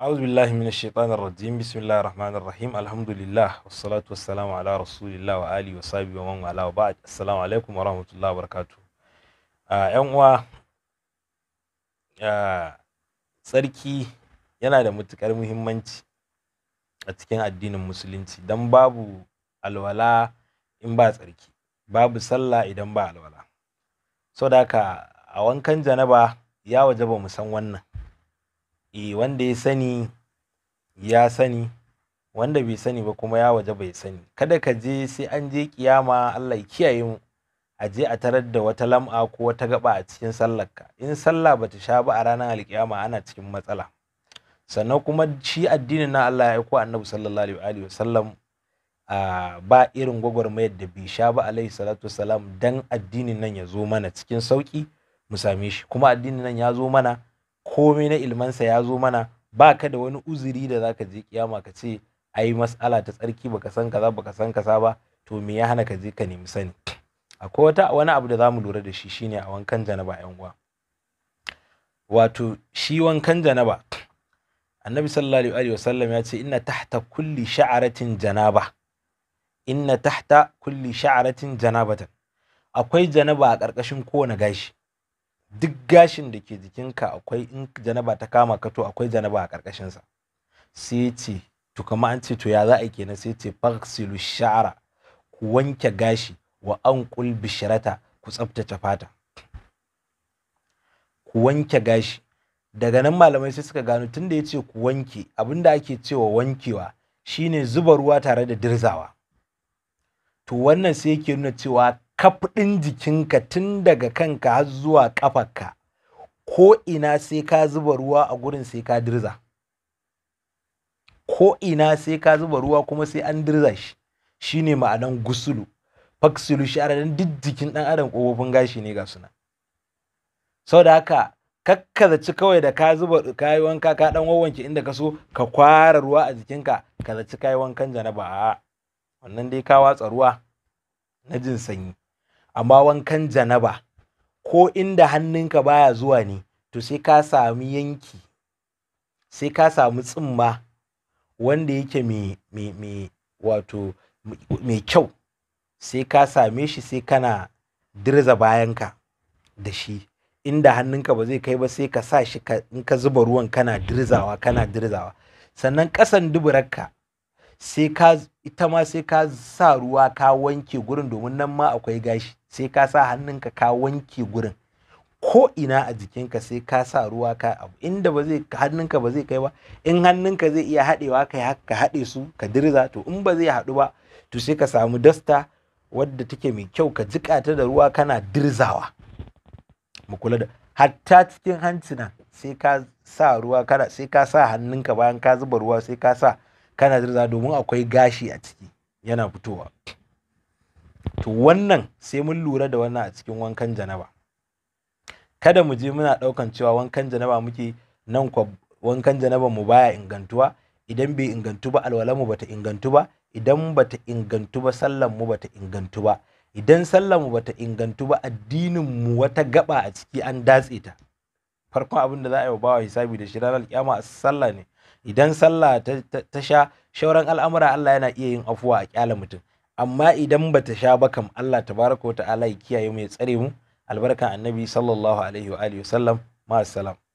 أعوذ بالله من الشيطان الرجيم بسم الله الرحمن الرحيم الحمد لله والصلاة والسلام على رسول الله وآله وصحبه ومن والاه وبعد السلام عليكم ورحمة الله وبركاته ‘yan uwa ah, tsarki yana da matuƙar muhimmanci a cikin addinin musulunci don babu alwala in ba tsarki babu sallah idan ba alwala sau da haka a wankan janaba ya ba mu san wannan E wanda ya sani ya sani wanda bai sani ba kuma ya waje bai sani kada ka je sai an je kiyama Allah ya kiyaye mu a je a tarar da wata lam'a ko wata gaba a cikin sallarka in sallah bata sha ba a ranar alkiyama ana cikin matsala sannan kuma shi addinin na Allah ya aiko annabi sallallahu alaihi wasallam ba irin gwagwarmayar da bai sha ba alaihi salatu wasalam dan addinin nan ya zo mana cikin sauki mu same shi kuma addinin nan ya zo mana komai na ilmansa ya zo mana ba ka da wani uzuri da zaka je kiyama ka ce ai mas'ala ta tsarki baka san kaza baka san kaza ba to me ya hana ka je ka nemi sani akwai wata wani abu da zamu lura da shi shine a wankan janaba yan uwa wato shi wankan janaba annabi sallallahu alaihi wasallam ya ce inna tahta kulli sha'aratin janaba inna tahta kulli sha'aratin janabatan akwai janaba a ƙarƙashin kowane gashi duk gashin da ke jikinka akwai in janaba ta kama ka to akwai janaba a sa sai ce to kamar an ce to ya za a kenan sai ce faksilu sha'ara ku wanke gashi wa an bishirata ku tsaftace fata ku wanke gashi daga nan malamai sai suka gano tunda ya ce ku wanke abinda ake cewa wankewa shine zuba ruwa tare da dirzawa to wannan sai yake nuna cewa kafdin jikinka tun daga kanka har zuwa kafarka ko ina sai ka zuba ruwa a gurin sai ka dirza ko ina sai ka zuba ruwa kuma sai an dirza shi shine ma'anan gusulu faksulu sharadan duk jikin ɗan adam kofofin gashi ne ga suna sau da haka kakkazaci kawai da ka zuba kayi wanka ka dan wawanke inda ka so ka kwara ruwa a jikinka ka zaci kayi wankan janaba a wannan dai ka watsa ruwa na jin sanyi amma wankan janaba ko inda hannunka baya zuwa ne to sai ka sami yanki sai ka samu tsumma wanda yake mai wato mai kyau sai ka same shi sai kana dirza bayanka da shi inda hannunka ba zai kai ba sai ka sa shi in ka zuba ruwan kana dirzawa kana dirzawa sannan ƙasan duburarka sai ka ita ma sai ka sa ruwa ka wanke gurin domin nan ma akwai gashi sai ka sa hannunka ka wanke gurin ko ina a jikinka sai ka sa ruwa ka abu inda ba zai hannunka ba zai kai ba in hannunka zai iya haɗewa kai haka haɗe su ka dirza to in ba zai haɗu ba to sai ka samu dasta wadda take mai kyau ka jiƙa ta da ruwa kana dirzawa mu kula da hatta cikin hanci sai ka sa ruwa kana sai ka sa hannunka bayan ka zuba ruwa sai ka sa kana dirza domin akwai gashi a ciki yana fitowa to wannan sai mun lura da wannan a cikin wankan janaba kada mu je muna ɗaukan cewa wankan janaba muke nan kwa wankan janaba mu baya ingantuwa idan bai ingantu ba alwala mu bata ingantu ba idan bata ingantu ba sallan mu bata ingantu ba idan sallan mu bata ingantu ba addinin mu wata gaba a ciki an datse ta farkon abin da za a yi wa bawa hisabi da shi ranar kiyama sallah ne idan sallah ta sha shauran al'amura Allah yana iya yin afuwa a kyala mutum amma idan ba ta sha ba kam Allah baraka wa ta'ala ya kiyaye mu ya tsare mu albarkan annabi sallallahu alaihi wa alihi